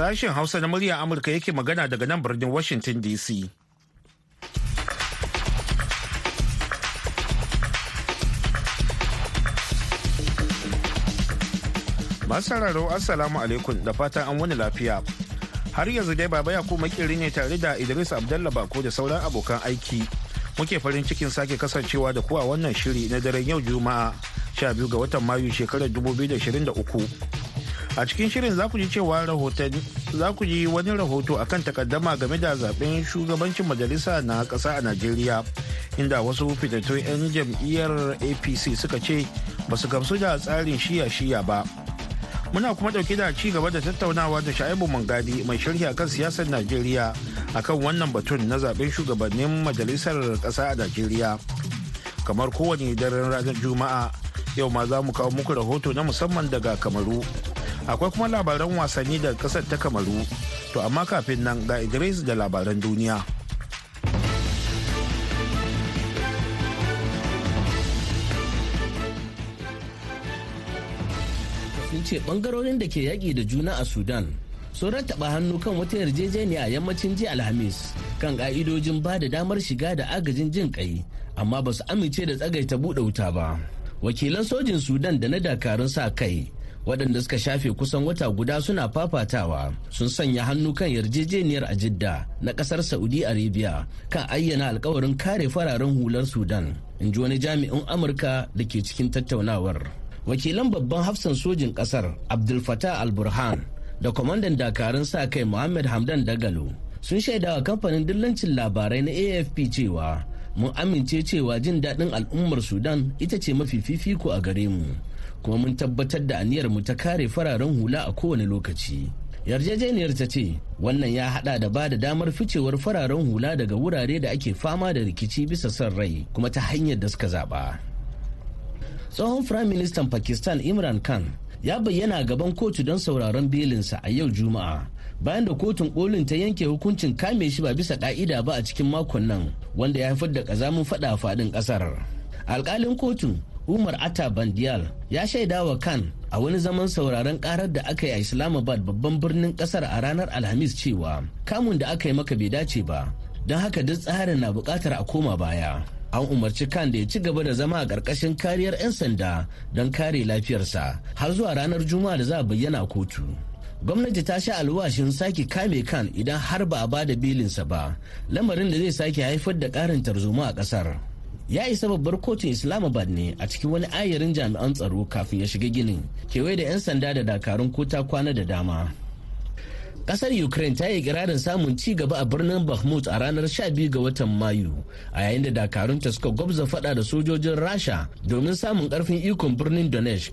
Sashen Hausa na murya Amurka yake magana daga nan birnin Washington DC. Masararo Assalamu alaikum da fatan an wani lafiya. Har yanzu dai baba ya koma kiri ne tare da Idris Abdallah Bako da sauran abokan aiki. Muke farin cikin sake kasancewa da kuwa wannan shiri na daren yau Juma'a 12 ga watan Mayu shekarar 2023. a cikin shirin za ku ji cewa rahoton za ku ji wani rahoto akan takaddama game da zaben shugabancin majalisa na kasa a najeriya inda wasu fitattun 'yan jam'iyyar apc suka ce ba su gamsu da tsarin shiya-shiya ba muna kuma ɗauke da ci gaba da tattaunawa da sha'ibu mangadi mai shirya akan siyasar najeriya akan wannan batun na zaben shugabannin majalisar kasa a najeriya kamar kowane daren ranar juma'a yau ma za mu kawo muku rahoto na musamman daga kamaru akwai kuma labaran wasanni daga kasar ta kamaru to amma kafin nan ga idris da labaran duniya sun ce bangarorin da ke yaƙi da juna a sudan sun rattaba hannu kan wata yarjejeniya a yammacin jiya alhamis kan ƙa'idojin ba da damar shiga da agajin jin ƙai amma ba su amince da tsagaita buɗe wuta ba wakilan sojin sudan da na dakarun sa kai waɗanda suka shafe kusan wata guda suna fafatawa sun sanya hannu kan yarjejeniyar a jidda na ƙasar saudi arabia kan ayyana alkawarin kare fararen hular sudan in ji wani jami'in amurka da ke cikin tattaunawar wakilan babban hafsan sojin ƙasar abdul fatah al-burhan da kwamandan dakarun sa kai muhammad hamdan dagalo sun shaidawa kamfanin dillancin labarai na afp cewa mun amince cewa jin daɗin al'ummar sudan ita ce mafi fifiko a gare mu kuma mun tabbatar da aniyar mu ta kare fararen hula a kowane lokaci yarjejeniyar ta ce wannan ya hada da bada damar ficewar fararen hula daga wurare da ake fama da rikici bisa son rai kuma ta hanyar da suka zaba tsohon firaministan pakistan imran khan ya bayyana gaban kotu don sauraron belinsa a yau juma'a bayan da kotun kolin ta yanke hukuncin kame shi ba bisa ka'ida ba a cikin makon nan wanda ya haifar da kazamin fada faɗin ƙasar alkalin kotun umar atta bandiyal ya shaida wa kan a wani zaman sauraron karar da aka yi a islamabad babban birnin kasar a ranar alhamis cewa kamun da aka yi maka bai dace ba don haka duk tsarin na bukatar a koma baya an umarci kan da ya ci gaba da zama a ƙarƙashin kariyar 'yan sanda don kare lafiyarsa har zuwa ranar juma'a da za a bayyana kotu gwamnati ta sha alwashin sake kame kan idan har ba a ba da bilinsa ba lamarin da zai sake haifar da ƙarin tarzoma a ƙasar ya isa babbar kotun islamabad ne a cikin wani ayarin jami'an tsaro kafin ya shiga ginin kewaye da 'yan sanda da dakarun kota kwana da dama kasar ukraine ta yi kirarin samun ci gaba a birnin bakhmut a ranar 12 ga watan mayu a yayin da dakarunta suka gwabza fada da sojojin rasha domin samun karfin ikon birnin donetsk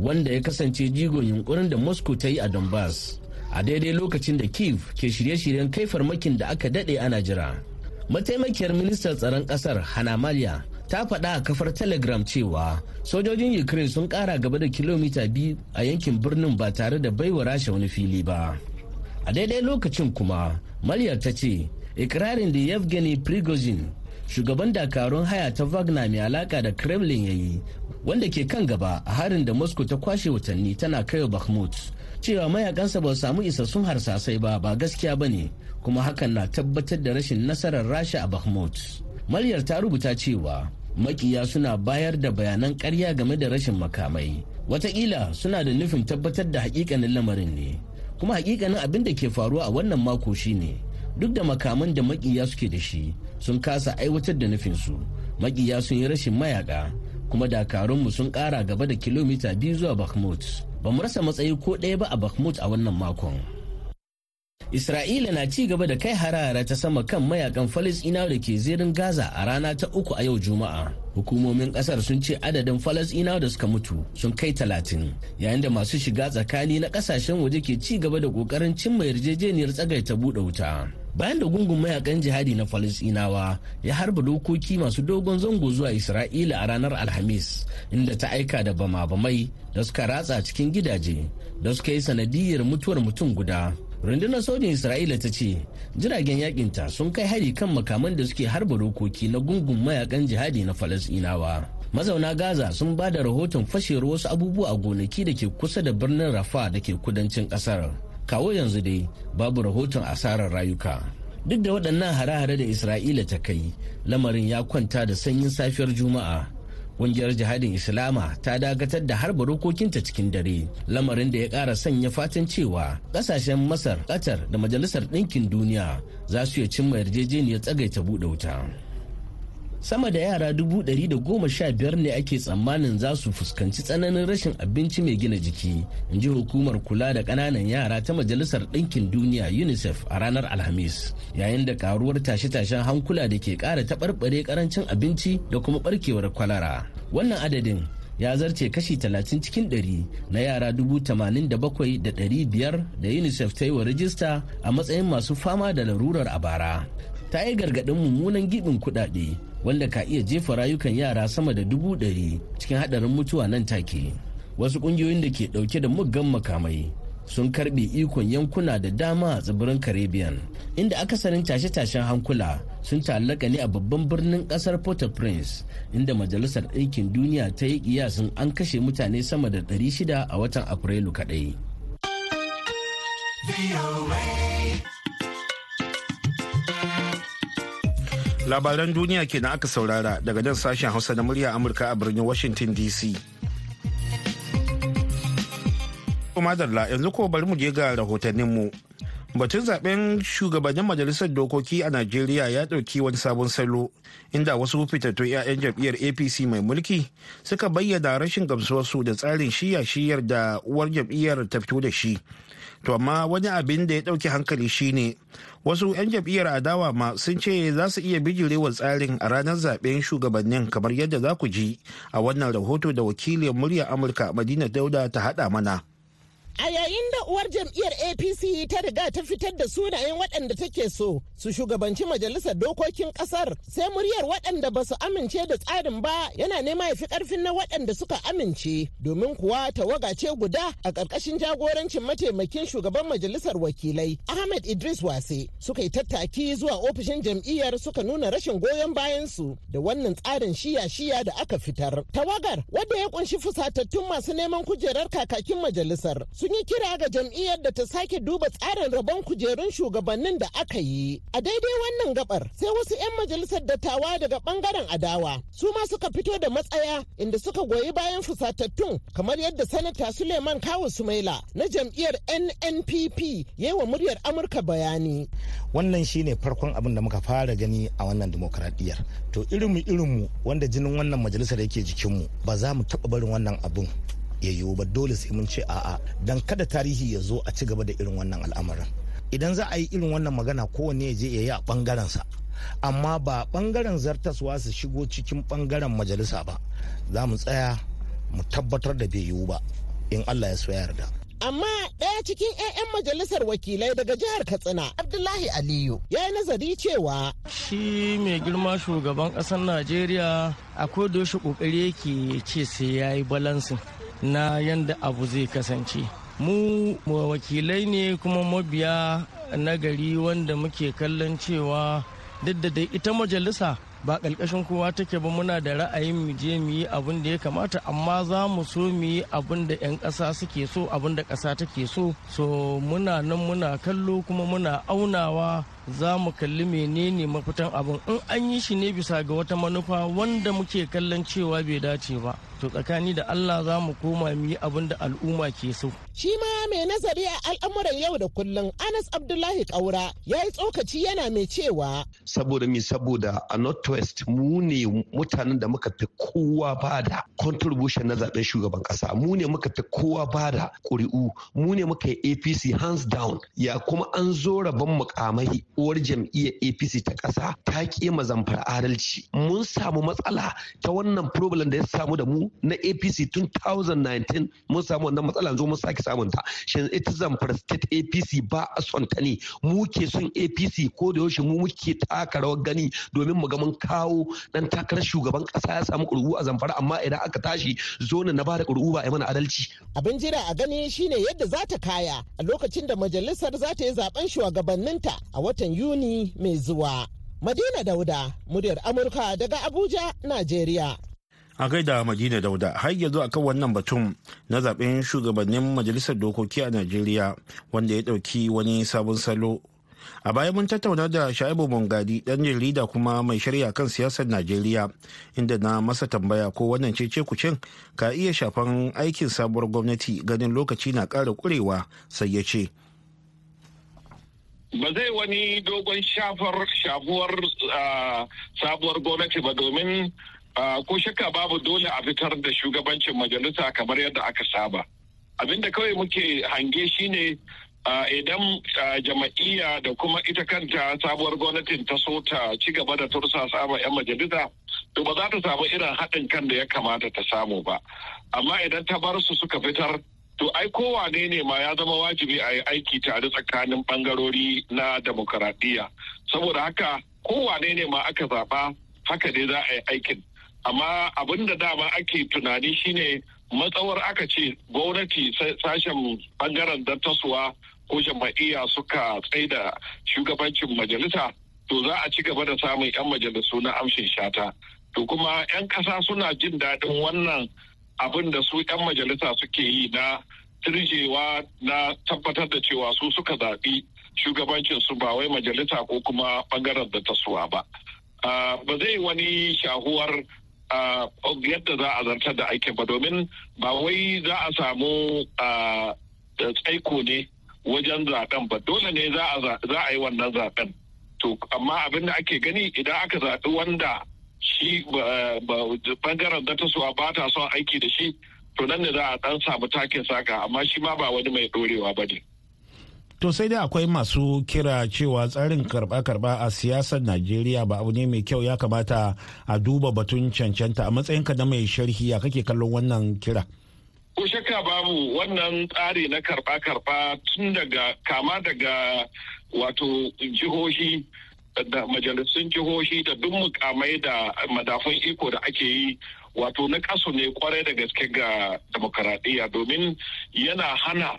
wanda ya kasance jigon yunkurin da moscow ta yi a donbass a daidai lokacin da kiev ke shirye-shiryen kai farmakin da aka dade ana jira mataimakiyar ministan tsaron kasar hanamaliya ta faɗa a kafar telegram cewa sojojin ukraine sun ƙara gaba da kilomita biyu a yankin birnin ba tare da baiwa rasha wani fili ba a daidai lokacin kuma malia ta ce ikirarin da yevgeny prigozhin shugaban dakarun haya ta wagner mai alaka da kremlin ya yi wanda ke kan gaba a harin da moscow ta kwashe watanni tana kaiwa bakhmut cewa mayakansa ba samu isassun harsasai ba ba gaskiya ba ne kuma hakan na tabbatar da rashin nasarar rasha a bakhmut maryar ta rubuta cewa makiya suna bayar da bayanan karya game da rashin makamai watakila suna da nufin tabbatar da hakikanin lamarin ne kuma hakikanin abin da ke faruwa a wannan mako shine duk da makaman da makiya suke da shi sun kasa aiwatar da nufinsu makiya sun yi rashin mayaka kuma dakarunmu sun kara gaba da kilomita biyu zuwa bakhmut ba mu rasa matsayi ko ɗaya ba a bakhmut a wannan makon isra'ila na ci gaba da kai harara ta sama kan mayakan falasɗinawa da ke zirin gaza a rana ta uku a yau juma'a hukumomin kasar sun ce adadin falasɗinawa da suka mutu sun kai talatin yayin da masu shiga tsakani na kasashen waje ke ci gaba da ƙoƙarin cimma yarjejeniyar tsagaita buɗe wuta bayan da gungun mayakan jihadi na falasinawa ya harba dokoki masu dogon zango zuwa isra'ila a ranar alhamis inda ta aika da bama-bamai da suka ratsa cikin gidaje da suka yi sanadiyar mutuwar mutum guda rundunar sojin isra'ila ta ce jiragen yakinta sun kai hari kan makaman da suke harba dokoki na gungun mayakan jihadi na falasinawa mazauna gaza sun ba da rahoton fashewar wasu abubuwa a gonaki da ke kusa da birnin rafa da ke kudancin kasar kawo yanzu dai babu rahoton asarar rayuka duk da waɗannan hare-hare da isra'ila ta kai lamarin ya kwanta da sanyin safiyar juma'a ƙungiyar jihadin islama ta dagatar da harba rokokinta cikin dare lamarin da ya ƙara sanya fatan cewa ƙasashen masar qatar da majalisar ɗinkin duniya za su iya cimma yarjejeniyar tsagaita buɗe wuta sama da yara dubu ɗari da goma sha biyar ne ake tsammanin za su fuskanci tsananin rashin abinci mai gina jiki in ji hukumar kula da ƙananan yara ta majalisar ɗinkin duniya unicef a ranar alhamis yayin da karuwar tashe-tashen hankula da ke ƙara taɓarɓare ƙarancin abinci da kuma ɓarkewar kwalara wannan adadin ya zarce kashi talatin cikin 100 na yara dubu tamanin da bakwai da da biyar unicef ta yi wa rajista a matsayin masu fama da larurar a bara ta yi gargaɗin mummunan giɓin kuɗaɗe wanda ka iya jefa rayukan yara sama da dubu ɗari cikin haɗarin mutuwa nan take wasu ƙungiyoyin da ke ɗauke da muggan makamai sun karbe ikon yankuna da dama a tsibirin caribbean inda akasarin tashe-tashen hankula sun ta'allaka ne a babban birnin kasar port-au-prince inda majalisar ɗinkin duniya ta yi kiyasin an kashe mutane sama da 600 a watan afrilu kaɗai. labaran duniya kenan aka saurara daga nan sashen hausa na murya amurka a birnin washington dc madalla yanzu ko bari mu je ga rahotanninmu batun zaben shugabannin majalisar dokoki a najeriya ya dauki wani sabon salo inda wasu fitattun 'ya'yan jam'iyyar apc mai mulki suka bayyana rashin gamsuwarsu da tsarin shiya-shiyar da uwar jam'iyyar ta fito da shi to amma wani abin da ya ɗauki hankali shine wasu 'yan jam'iyyar adawa ma sun ce za su iya bijirewar tsarin a ranar zaben shugabannin kamar yadda za ku ji a wannan rahoto da wakilin muryar amurka madina dauda ta haɗa mana A yayin da uwar jam'iyyar APC ta riga ta fitar da sunayen waɗanda take so su shugabanci majalisar dokokin ƙasar sai muryar waɗanda ba su amince da tsarin ba yana nema ya fi ƙarfin na waɗanda suka amince domin kuwa tawaga ce guda a ƙarƙashin jagorancin mataimakin shugaban majalisar wakilai Ahmed Idris Wase suka yi tattaki zuwa ofishin jam'iyyar suka nuna rashin goyon bayan su da wannan tsarin shiya-shiya da aka fitar. Tawagar wadda ya kunshi fusatattun masu neman kujerar kakakin majalisar sun yi kira ga jam'iyyar da ta sake duba tsarin rabon kujerun shugabannin da aka yi. A daidai wannan gabar sai wasu 'yan majalisar dattawa daga bangaren adawa su ma suka fito da matsaya inda suka goyi bayan fusatattun kamar yadda sanata Suleiman Kawu Sumaila na jam'iyyar NNPP ya yi wa muryar Amurka bayani. Wannan shine farkon abin da muka fara gani a wannan demokradiyyar. To irinmu irinmu wanda jinin wannan majalisar yake jikinmu ba za mu taɓa barin wannan abun. ya yiwu ba dole sai mun ce a'a dan kada tarihi ya zo a ci gaba da irin wannan al'amarin idan za a yi irin wannan magana kowanne ya je ya yi a bangaren sa amma ba bangaren zartaswa su shigo cikin bangaren majalisa ba za mu tsaya mu tabbatar da bai yiwu ba in allah ya so yarda amma ɗaya cikin 'ya'yan majalisar wakilai daga jihar katsina abdullahi aliyu ya yi nazari cewa shi mai girma shugaban ƙasar najeriya akwai doshi ƙoƙari yake ce sai ya yi balansin na yanda abu zai kasance mu wakilai ne kuma mabiya nagari wanda muke kallon cewa duk da dai ita majalisa ba ƙarƙashin kowa take ba muna da ra'ayin mu je mu yi abin da ya kamata amma za mu so mu yi abin da 'yan ƙasa suke so abin da ƙasa take so so muna nan muna kallo kuma muna aunawa za mu kalli menene mafitan abin in an yi shi ne bisa ga wata manufa wanda muke kallon cewa bai dace ba to tsakani da Allah za mu koma mu yi abin da al'umma ke so. Shi ma mai nazari a al'amuran yau da kullun, Anas Abdullahi Kaura ya yi tsokaci yana mai cewa. Saboda mi saboda a Northwest mu ne mutanen da muka fi kowa bada contribution na zaben shugaban kasa mu ne muka fi kowa bada ƙuri'u mu ne muka yi APC hands down ya kuma an zo rabon mukamai uwar jam'iyyar apc ta ƙasa ta ƙema zamfara adalci mun samu matsala ta wannan problem da ya samu da mu na apc tun 2019 mun samu wannan matsala yanzu mun sake samun ta shin ita zamfara state apc ba a son ta ne mu ke son apc ko da yaushe mu muke taka rawar gani domin mu ga mun kawo dan takarar shugaban ƙasa ya samu ƙurgu a zamfara amma idan aka tashi zona na bada ƙurgu ba a mana adalci abin jira a gani shine yadda za ta kaya a lokacin da majalisar za ta yi zaben shugabanninta a wata watan Yuni mai zuwa. Madina Dauda, muryar Amurka daga Abuja, Najeriya. a gaida madina dauda har yanzu akan wannan batun na zaben shugabannin majalisar dokoki a najeriya wanda ya ɗauki wani sabon salo a baya mun tattauna da sha'ibu mungadi ɗan jarida kuma mai shari'a kan siyasar najeriya inda na masa tambaya ko wannan cece kucin ka iya shafan aikin sabuwar gwamnati ganin lokaci na ƙara ƙurewa sai ya ce ba zai wani dogon shafar shafuwar sabuwar gwamnati ba domin ko shakka babu dole a fitar da shugabancin majalisa kamar yadda aka saba abinda kawai muke hange shine idan jama'iyya da kuma ita kanta sabuwar gwamnatin ta so ta ci gaba da tursa sama 'yan majalisa to ba za ta samu irin haɗin kan da ya kamata ta samu ba amma idan ta bar su suka fitar to ai kowa ne ma ya zama wajibi a yi aiki tare tsakanin bangarori na demokaradiyya saboda haka kowane ne ma aka zaba haka dai za a yi aikin amma abin da dama ake tunani shine matsawar aka ce gwamnati sashen bangaren dattasuwa ko jama'iyya suka tsaida shugabancin majalisa to za a ci gaba da samun 'yan majalisu na amshin shata to kuma 'yan ƙasa suna jin daɗin wannan abin da su 'yan majalisa suke yi na turjewa na tabbatar da cewa su suka zaɓi shugabancin su ba wai majalisa ko kuma bangaren da ta suwa ba ba zai wani shahuwar yadda za a zartar da aikin ba domin ba wai za a samu tsaiko ne wajen zaben ba dole ne za a yi wannan zaɓen. to amma abin da ake gani idan aka zaɓi wanda shi eh, bangaren da su a ba son aiki da shi to nan ne za a dan samu takin saka amma shi ma ba wani mai dorewa ba ne. To sai dai akwai masu kira cewa tsarin karba-karba a siyasar Najeriya ba abu ne mai kyau ya kamata a duba batun cancanta a matsayinka na mai sharhi ya kake kallon wannan kira. Ko shakka babu wannan tsari na karba-karba tun daga kama daga wato jihohi da majalisun jihohi da duk mukamai da madafun iko da ake yi wato na kaso ne kwarai da gaske ga demokaradiyya domin yana hana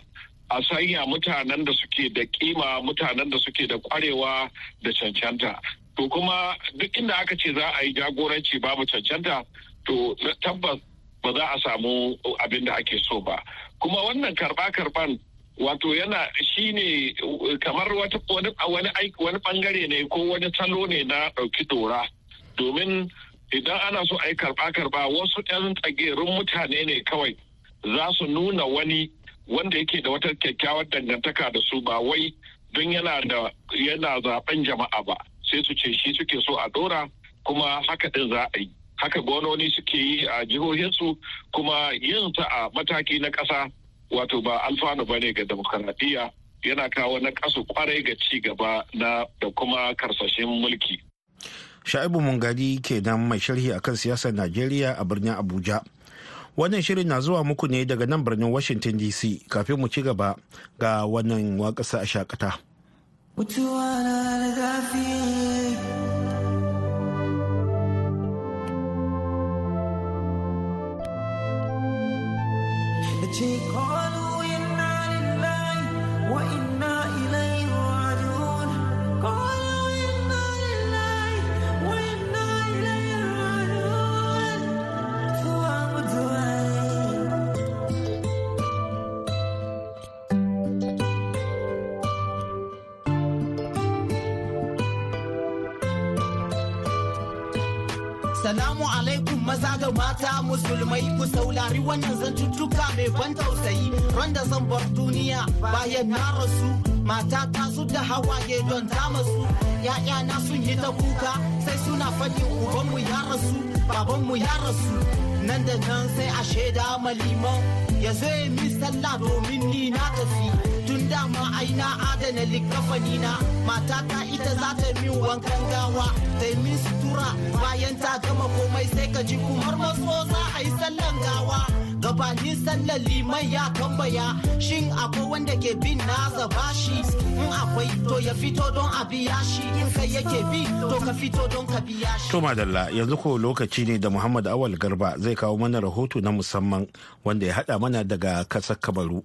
a sanya mutanen da suke da kima mutanen da suke da kwarewa da cancanta to kuma duk inda aka ce za a yi jagoranci babu cancanta to tabbas ba za a samu abin da ake so ba kuma wannan karba karban wato yana shine kamar wani bangare ne ko wani salo ne na ɗauki dora domin idan ana so a yi karba karba wasu 'yan tsagerun mutane ne kawai za su nuna wani wanda yake da wata kyakkyawar dangantaka da su ba wai don yana da yana zaben jama'a ba sai su ce shi suke so a dora kuma haka din za a yi haka gononi suke yi a jihohinsu kuma yin sa a mataki na ƙasa wato ba alfanu ba ne ga demokaradiyya yana kawo na kasu kwarai ga ci gaba na da kuma karsashen mulki. Sha'ibu Mungadi kenan mai sharhi akan siyasar Najeriya a birnin Abuja. Wannan shirin na zuwa muku ne daga nan birnin Washington DC kafin mu ci gaba ga wannan waƙasa a shakata. Take da mata musulmai ku saulari wannan zantuttuka mai ban tausayi randa zan bar duniya bayan na rasu mata ta su da hawaye don ta masu ‘ya'yana sun yi ta kuka sai suna faɗin ubanmu ya rasu babanmu ya rasu nan da nan sai a shaida maliman ya zo yi sallah domin ni na tafi tun dama aina adana likafani na matata ita za ta min wankan gawa ta min sutura bayan ta gama komai sai ka ji kumar maso za a yi sallan gawa gabanin sallar liman ya tambaya shin akwai wanda ke bin nasa bashi in akwai to ya fito don a biya shi in kai yake bi to ka fito don ka biya shi to madalla yanzu ko lokaci ne da muhammad awal garba zai kawo mana rahoto na musamman wanda ya hada mana daga kasar kabaru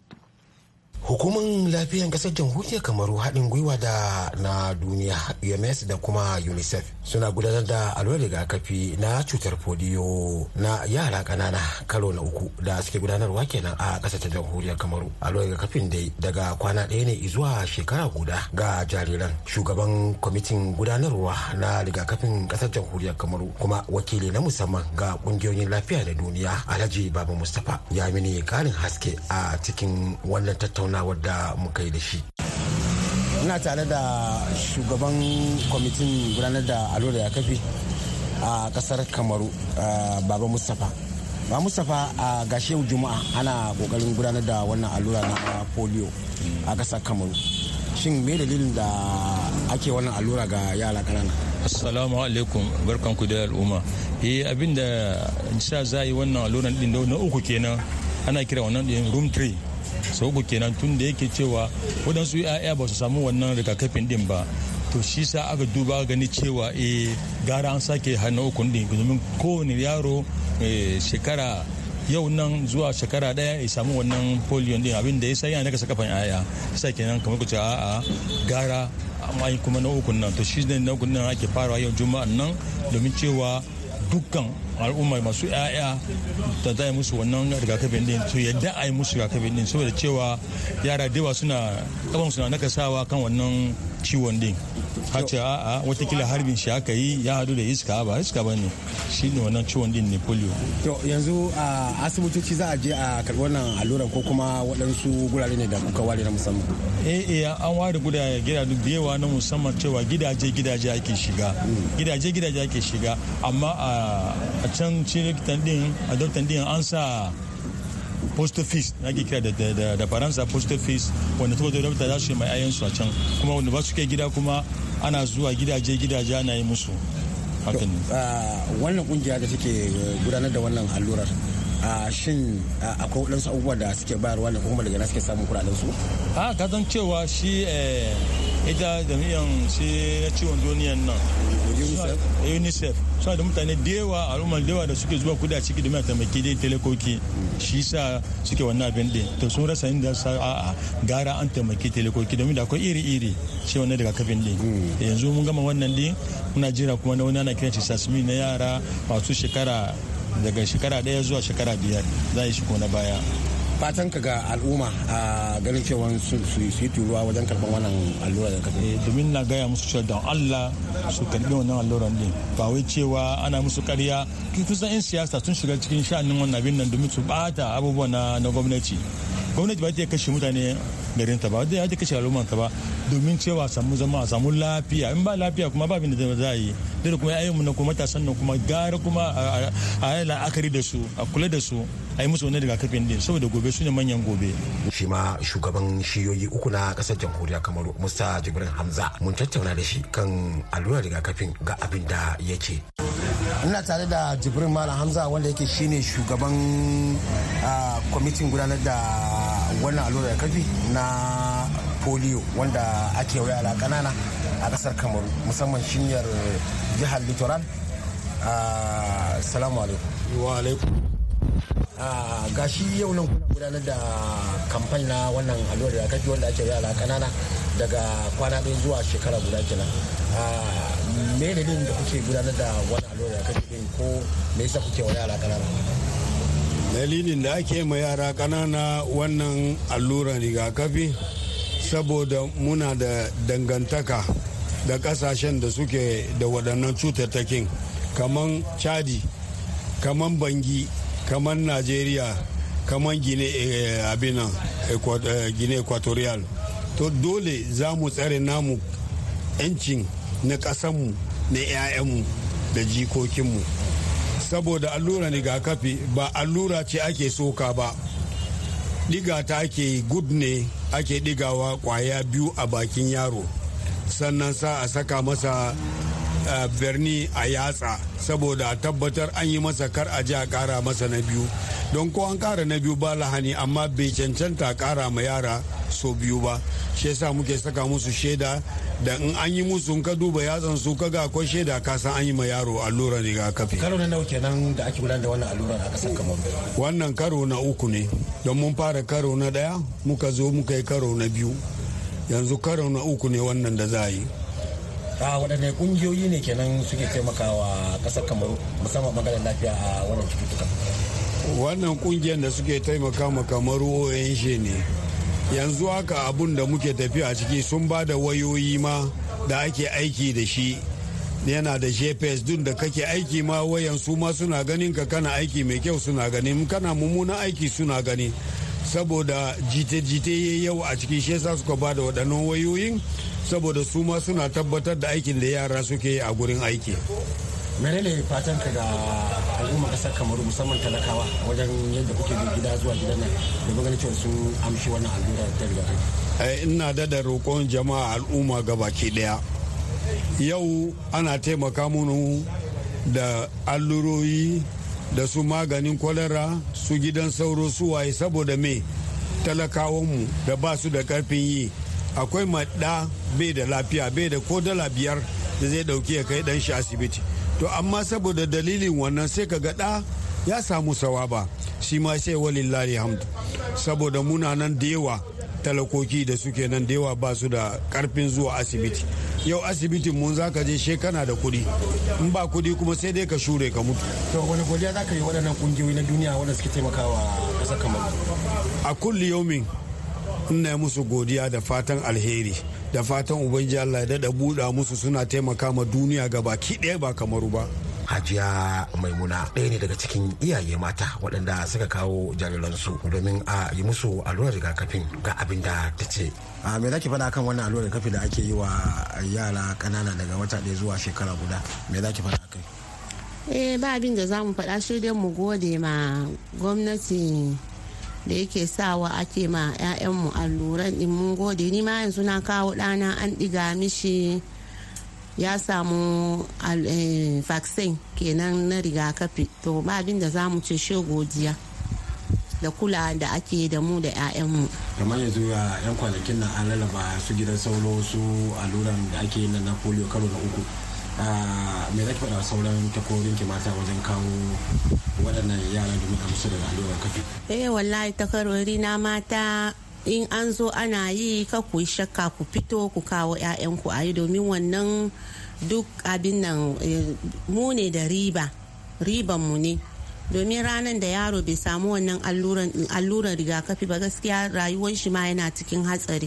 hukumar lafiyar kasar jamhuriyar kamaru haɗin gwiwa da na duniya ums e da kuma unicef suna gudanar da allurar rigakafi na cutar foliyo na yara ƙanana karo na uku da suke gudanarwa kenan a ƙasar ta jamhuriyar kamaru allurar kafin dai daga kwana ɗaya ne zuwa shekara guda ga jariran shugaban kwamitin gudanarwa na rigakafin ƙasar jamhuriyar kamaru kuma wakili na musamman ga ƙungiyoyin lafiya da duniya alhaji baba mustapha ya mini ƙarin haske a cikin wannan tattaunawa tattaunawar da muka yi da shi ina tare da shugaban kwamitin gudanar da ya kafi a kasar kamaru baba mustapha ba mustapha a gashe juma'a ana kokarin gudanar da wannan alura na polio a kasar kamaru shin me dalilin da ake wannan allura ga yara kanana assalamu alaikum barkan ku da al'umma eh abinda sa za yi wannan allura din na uku kenan ana kira wannan din room 3 sau kenan tun da yake cewa waɗansu 'ya'ya ba su samu wannan rigakafin din ba to shi sa aka duba gani cewa e gara an sake hannu uku din domin kowane yaro eh, shekara yau nan zuwa shekara daya ya samu wannan polio din abin da ya sai yana daga sakafan 'ya'ya sai kenan kamar ku ce a'a gara amma kuma na uku nan to shi ne na nan ake farawa yau juma'an nan domin cewa dukkan al'umma masu 'ya'ya da zai musu wannan rigakafin din to yadda a yi musu rigakafin din saboda cewa yara da suna kaban suna nakasawa kan wannan ciwon din ha ce a a watakila harbin shi aka yi ya hadu da iska ba iska ba ne shi ne wannan ciwon din ne polio to yanzu a asibitoci za a je a karɓi wannan alluran ko kuma waɗansu gurare ne da kuka ware na musamman eh eh an ware gurare gidaje da yawa na musamman cewa gidaje gidaje ake shiga mm. gidaje gidaje ake shiga amma a can cire likitan din a doktan din an sa post office na ke kira da faransa post office wanda ta zai rubuta za su yi mai su a can kuma wanda ba su ke gida kuma ana zuwa gidaje gidaje ana yi musu ah, wannan kungiya da take eh, gudanar da wannan allurar a ah, shin ah, akwai wadansu abubuwa da suke bayarwa ne kuma daga suke samun kuɗaɗen su Ha ka san cewa shi eh, ita jami'an shi ciwon duniyan nan Eh, unicef suna da mutane da yawa al'ummar da da suke zuba kuda a ciki domin a taimaki dai telekoki shi sa suke wannan abin din ta sun rasa inda sa a gara an taimaki telekoki domin da akwai iri-iri shi wannan daga kafin din mm. yanzu mun gama wannan din muna jira kuma na wani ana kiran shi sasmi na yara masu shekara daga shekara daya zuwa shekara biyar za a yi shi na baya fatan ka ga al'umma a ganin cewa su yi turuwa wajen karɓar wannan allura da kafin eh, domin na gaya musu cewa don allah su karɓi wannan alluran din ba wai cewa ana musu karya kusan 'yan siyasa sun shiga cikin sha'anin wannan abin nan domin su bata abubuwa na gwamnati gwamnati ba ta kashe mutane garin ta ba da ya kashe al'umman ta ba domin cewa samu zama a samu lafiya in ba lafiya kuma ba abin da za a yi dole kuma ya mu na kuma matasan nan kuma gara kuma a yi la'akari da su a kula da su a yi musu wani rigakafin din saboda gobe su ne manyan gobe. shi ma shugaban shiyoyi uku na kasar jamhuriya kamaru musa jibrin hamza mun tattauna da shi kan allurar rigakafin ga abin da yake. ina tare da jibrin malam hamza wanda yake shine shugaban kwamitin gudanar da wannan allurar rigakafi na polio wanda ake wa a kanana a kasar kamaru musamman shinyar jihar littoral salamu alaikum Ah, gashi yau nan kuna gudanar da kamfani na wannan allurar rigakafi wanda ake yara kanana daga kwana ɗaya zuwa shekara guda kenan ah, me din da kuke gudanar da wannan allurar rigakafi din ko me yasa kuke wa yara kanana dalilin da ake ma yara kanana wannan allurar rigakafi saboda muna da dangantaka da kasashen da suke da waɗannan cutattakin kamar chadi kamar bangi kamar najeriya kamar gine eh, abinan eh, gine equatorial to dole za mu tsare namu 'yancin na kasanmu na 'ya'yanmu da jikokinmu saboda allura rigakafi ba allura ce ake soka ba diga ta ake gud ne ake digawa kwaya biyu a bakin yaro sannan sa a saka masa birni a yatsa saboda tabbatar an yi masa kar a ji a kara masa na biyu don ko an kara na biyu ba lahani amma bai cancanta kara ma yara so biyu ba shi yasa muke saka musu shaida da in an yi musu ka duba yatsan su ga akwai shaida ka san an yi ma yaro ga kafe. karo na nawa kenan da ake gudanar da wannan allura a kasar kamar wannan karo na uku ne don mun fara karo na daya muka zo muka yi karo na biyu yanzu karo na uku ne wannan da za a yi a waɗanne ƙungiyoyi ne kenan suke taimakawa ƙasar kamaru musamman maganar lafiya a wannan cututtuka wannan ƙungiyar da suke taimakawa ma kamaru shi ne yanzu haka abun da muke tafiya a ciki sun ba da wayoyi ma da ake aiki da shi yana da gps duk da kake aiki ma wayan su ma suna ganin ka kana aiki mai kyau suna gani kana mummunan aiki suna gani saboda jite-jite ya yawa a cikin shi yasa suka ba da waɗannan wayoyin saboda su ma suna tabbatar da aikin da yara suke a gurin aiki menene fatan ka ga al'umma kasar kamaru musamman talakawa wajen yadda kuke bi gida zuwa gidan nan domin ganin cewa sun amshi wannan allura ta rigakafi eh, ina da da roƙon jama'a al'umma gabaki ɗaya. yau ana taimaka mu da allurori da su maganin kwalara su gidan sauro su waye saboda me talakawanmu da ba su da karfin yi akwai maɗa bai da lafiya bai da ko dala biyar da zai ɗauki ya kai ɗan shi asibiti to amma saboda dalilin wannan sai ka ga ɗa ya samu sawaba shi ma sai walillahi hamdu saboda muna nan da yawa talakoki da suke nan da yawa ba su da karfin zuwa asibiti yau asibitin mun za ka je she kana da kuɗi in ba kuɗi kuma sai dai ka shure ka mutu to wani godiya za ka yi waɗannan ƙungiyoyi na duniya wanda suke taimakawa ƙasar kamar a kulli yaumin ina musu godiya da fatan alheri da fatan ubangiji Allah ya dada buɗa musu suna taimaka ma duniya ga baki ɗaya ba kamaru ba hajiya maimuna ɗaya ne daga cikin iyaye mata waɗanda suka kawo jariransu domin a yi musu allurar rigakafin ga abin da ta ce a me zaki faɗa kan wannan allurar rigakafi da ake yi wa yara ƙanana daga wata ɗaya zuwa shekara guda me zaki faɗa kai eh ba abin da za mu faɗa shi dai mu gode ma gwamnati da yake sawa ake ma 'ya'yanmu alluran din mun gode ni ma yanzu na kawo ɗana an ɗiga mishi ya samu eh, vaccine kenan na rigakafi to ba abin da za mu ce shi godiya da kula da ake da mu da 'ya'yanmu kamar yanzu ya 'yan kwanakin nan an lalaba su gidan sauro su alluran da ake nan na polio karo na uku ah, me zaki faɗa sauran takorin ki mata wajen kawo waɗannan yaran domin amsu da alluran kafi eh wallahi takarori na mata in an zo ana yi ka ku yi shakka ku fito ku kawo 'ya'yanku a yi domin wannan duk abin nan eh, mu ne da riba riban mu ne domin ranar da yaro bai samu wannan alluran rigakafi ba gaskiya rayuwar shi ma yana cikin hatsari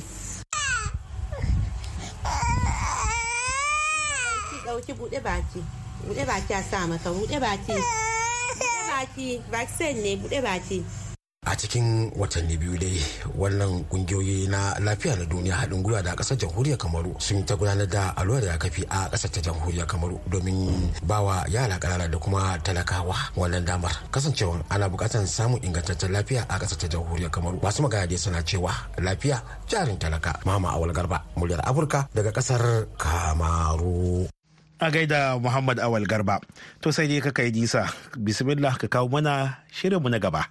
dauki baki bude baki a sa maka bude baki bude baki vaccine ne bude baki a cikin watanni biyu dai wannan kungiyoyi na lafiya na duniya haɗin gwiwa da ƙasar jamhuriyar kamaru sun ta gudanar da allurar rigakafi a ƙasar ta jamhuriyar kamaru domin bawa yara ƙanana da kuma talakawa wannan damar kasancewa ana buƙatar samun ingantaccen lafiya a ƙasar ta jamhuriyar kamaru masu magana dai suna cewa lafiya jarin talaka mama awal garba muryar afirka daga ƙasar kamaru a gaida muhammad awal garba to sai dai ka kai nisa bismillah ka kawo mana shirinmu na gaba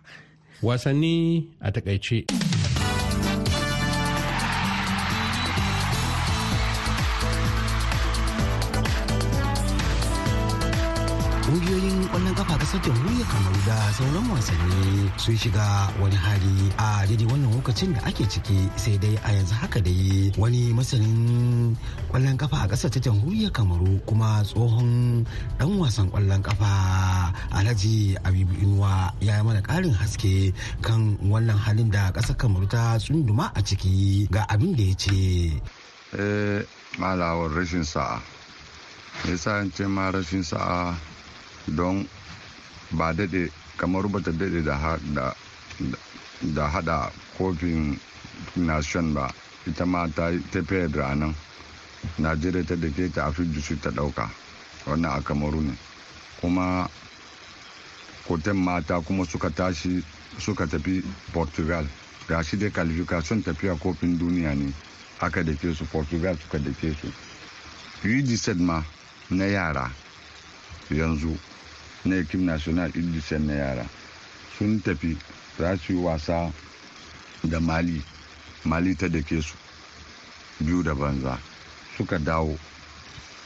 wasanni a takaice. kasar muryar kamaru da sauran wasanni sun shiga wani hali a daidai wannan lokacin da ake ciki sai dai a yanzu haka da yi wani masanin kwallon kafa a kasar ta jamhuriyar kamaru kuma tsohon dan wasan kwallon kafa alhaji abibu inuwa ya yi mana karin haske kan wannan halin da kasar kamaru ta tsunduma a ciki ga abin da ya ce eh, malawar rashin sa'a yasa ce ma rashin sa'a don ba daɗe kamar ba daɗe da hada kofin nation ba ita ma ta tafiya da ranar najeriya ta dake ta afirka su ta ɗauka wannan a kamaru ne kuma koten mata kuma suka tashi suka tafi portugal ga shi dai qualification tafiya kofin duniya ne aka da ke su portugal suka da ke su ma na yara yanzu na ekip national idrisen na yara sun tafi za su yi wasa da mali mali ta da ke su biyu da banza suka dawo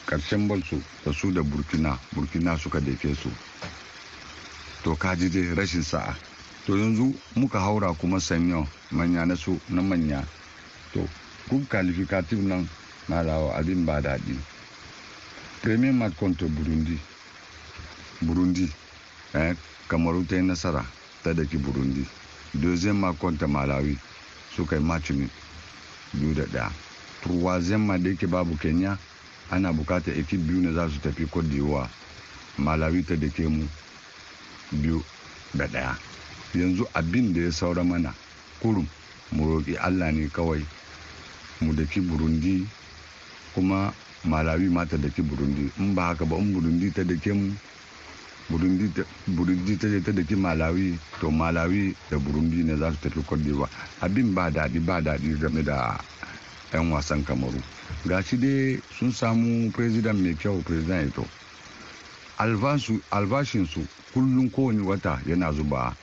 ƙarshen balsu da su da burkina burkina suka da ke su to kaji dai rashin sa'a to yanzu muka haura kuma sanyo manya na su na manya to group qualificative nan na dawo abin ba daɗi premier match contre burundi burundi eh, kamaru ta yi nasara ta daki burundi dozen ma konta malawi suka yi matching biyu da daya ma da yake babu kenya ana bukata ekip biyu na za su tafi cote d'ivoire malawi ta dake mu biyu da daya yanzu abin da ya saura mana kurum mu roƙi allah ne kawai mu daki burundi kuma malawi ma ta daki burundi in ba haka ba in burundi ta dake mu burundi ta je ta daki malawi to malawi da burundi ne za su tafi kwadewa abin ba daɗi ba daɗi game da 'yan wasan kamaru gashi dai sun samu president mai kyau president ito albashinsu kullum kowane wata yana zuba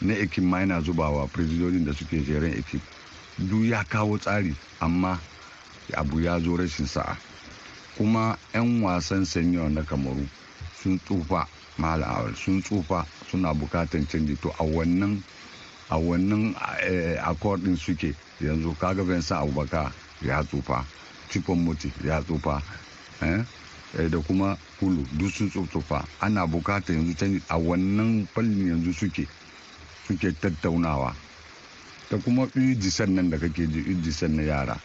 na ekin ma yana zubawa presidonin da suke jeren ekin duk ya kawo tsari amma abu ya zo rashin sa'a kuma 'yan wasan senior na kamaru sun tsufa malam sun tsufa suna bukatan canji to a wannan a wannan eh, akwadin suke yanzu kaga ban sa abubakar ya tsufa tifon muti ya tsufa eh, eh, da kuma kulu duk sun tsufa ana bukatan yanzu canji a wannan fallin yanzu suke suke tattaunawa ta kuma ijisan nan da kake ji ijisan na yara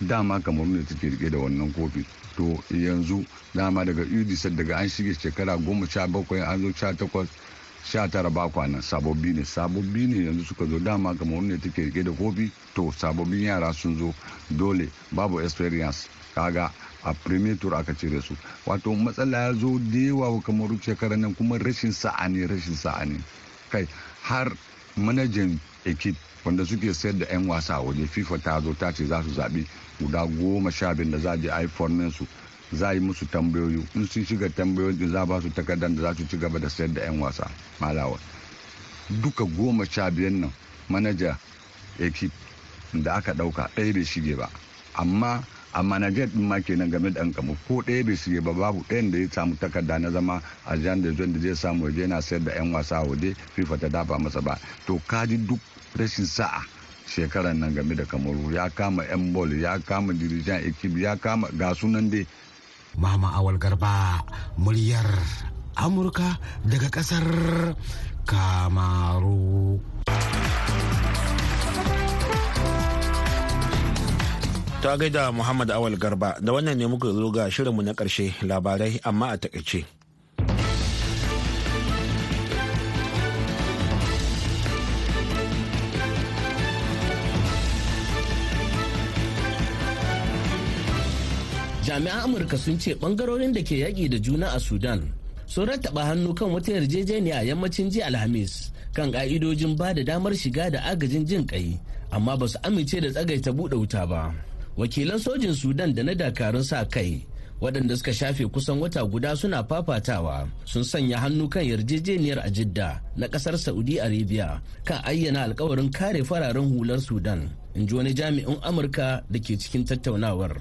dama kamar ne take rike da wannan kofi to yanzu dama daga udisar daga an shige shekara goma sha bakwai an zo sha takwas sha tara ba kwanan sababbi ne sababbi ne yanzu suka zo dama kamar ne take rike da kofi to sabobin yara sun zo dole babu experience kaga a primitur aka cire su wato matsala ya zo da yawa kamar shekarar nan kuma rashin sa'ani ne rashin sa'a kai har manajan ekip wanda suke sayar da 'yan wasa waje fifa ta zo ta ce za su zaɓi guda goma sha biyar da za a je iphone su za yi musu tambayoyi in sun shiga tambayoyin za ba su takardar da za su ci gaba da sayar da 'yan wasa malawa duka goma sha biyar nan manaja ekip da aka ɗauka ɗaya bai shige ba amma amma jet din ma kenan game da kamu ko ɗaya bai shige ba babu ɗayan da ya samu takarda na zama a jan da da zai samu waje yana sayar da yan wasa waje FIFA ta dafa masa ba to kaji duk rashin sa'a shekaran nan game da kamaru ya kama yan ball ya kama dirijan ekip ya kama ga sunan dai mama awal garba muryar amurka daga kasar kamaru ta gaida muhammad awal garba da wannan ne muka zo ga shirinmu na karshe labarai amma a takaice jami'an amurka sun ce bangarorin da ke yaƙi da juna a sudan sun rattaba hannu kan wata yarjejeniya a yammacin jiya alhamis kan ƙa'idojin ba da damar shiga da agajin jin ƙai amma ba su amince da tsagaita buɗe wuta ba wakilan sojin sudan da na dakarun sa kai waɗanda suka shafe kusan wata guda suna fafatawa sun sanya hannu kan yarjejeniyar a jidda na ƙasar saudi arabia kan ayyana alkawarin kare fararen hular sudan in ji wani jami'in amurka da ke cikin tattaunawar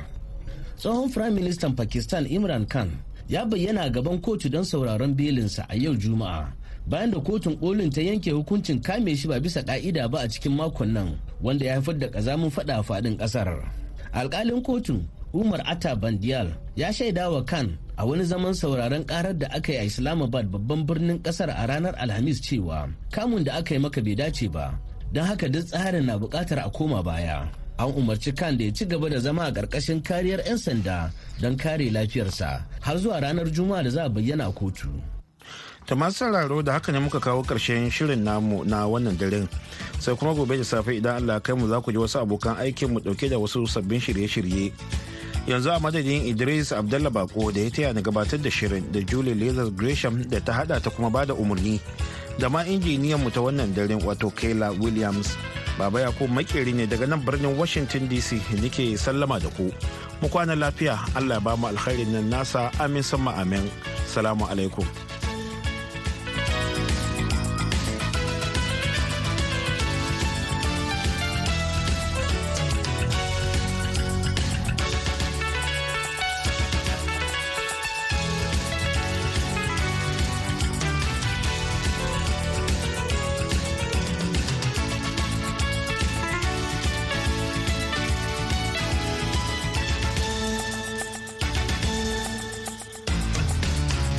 tsohon firaministan pakistan imran khan ya bayyana gaban kotu don sauraron belinsa a yau juma'a bayan da kotun kolin ta yanke hukuncin kame shi ba bisa ka'ida ba a cikin makon nan wanda ya haifar da ƙazamin faɗa faɗin ƙasar alkalin kotun umar ata bandiyal ya shaida wa kan a wani zaman sauraron karar da aka yi a islamabad babban birnin kasar a ranar alhamis cewa kamun da aka yi maka bai dace ba don haka duk tsarin na bukatar a koma baya an umarci kan da ya ci gaba da zama a ƙarƙashin kariyar 'yan sanda don kare lafiyarsa har zuwa ranar juma'a da za a bayyana kotu ta masu sauraro da haka ne muka kawo karshen shirin namu na wannan daren sai kuma gobe da safe idan allah kai mu za ku ji wasu abokan aikin mu dauke da wasu sabbin shirye-shirye yanzu a madadin idris abdullah bako da ya taya na gabatar da shirin da julie lazar gresham da ta hada ta kuma bada umarni da ma injiniyan mu ta wannan daren wato kayla williams baba ya makeri ne daga nan birnin washington dc nike sallama da ku mu kwana lafiya allah ba mu alkhairin nan nasa amin sama amin salamu alaikum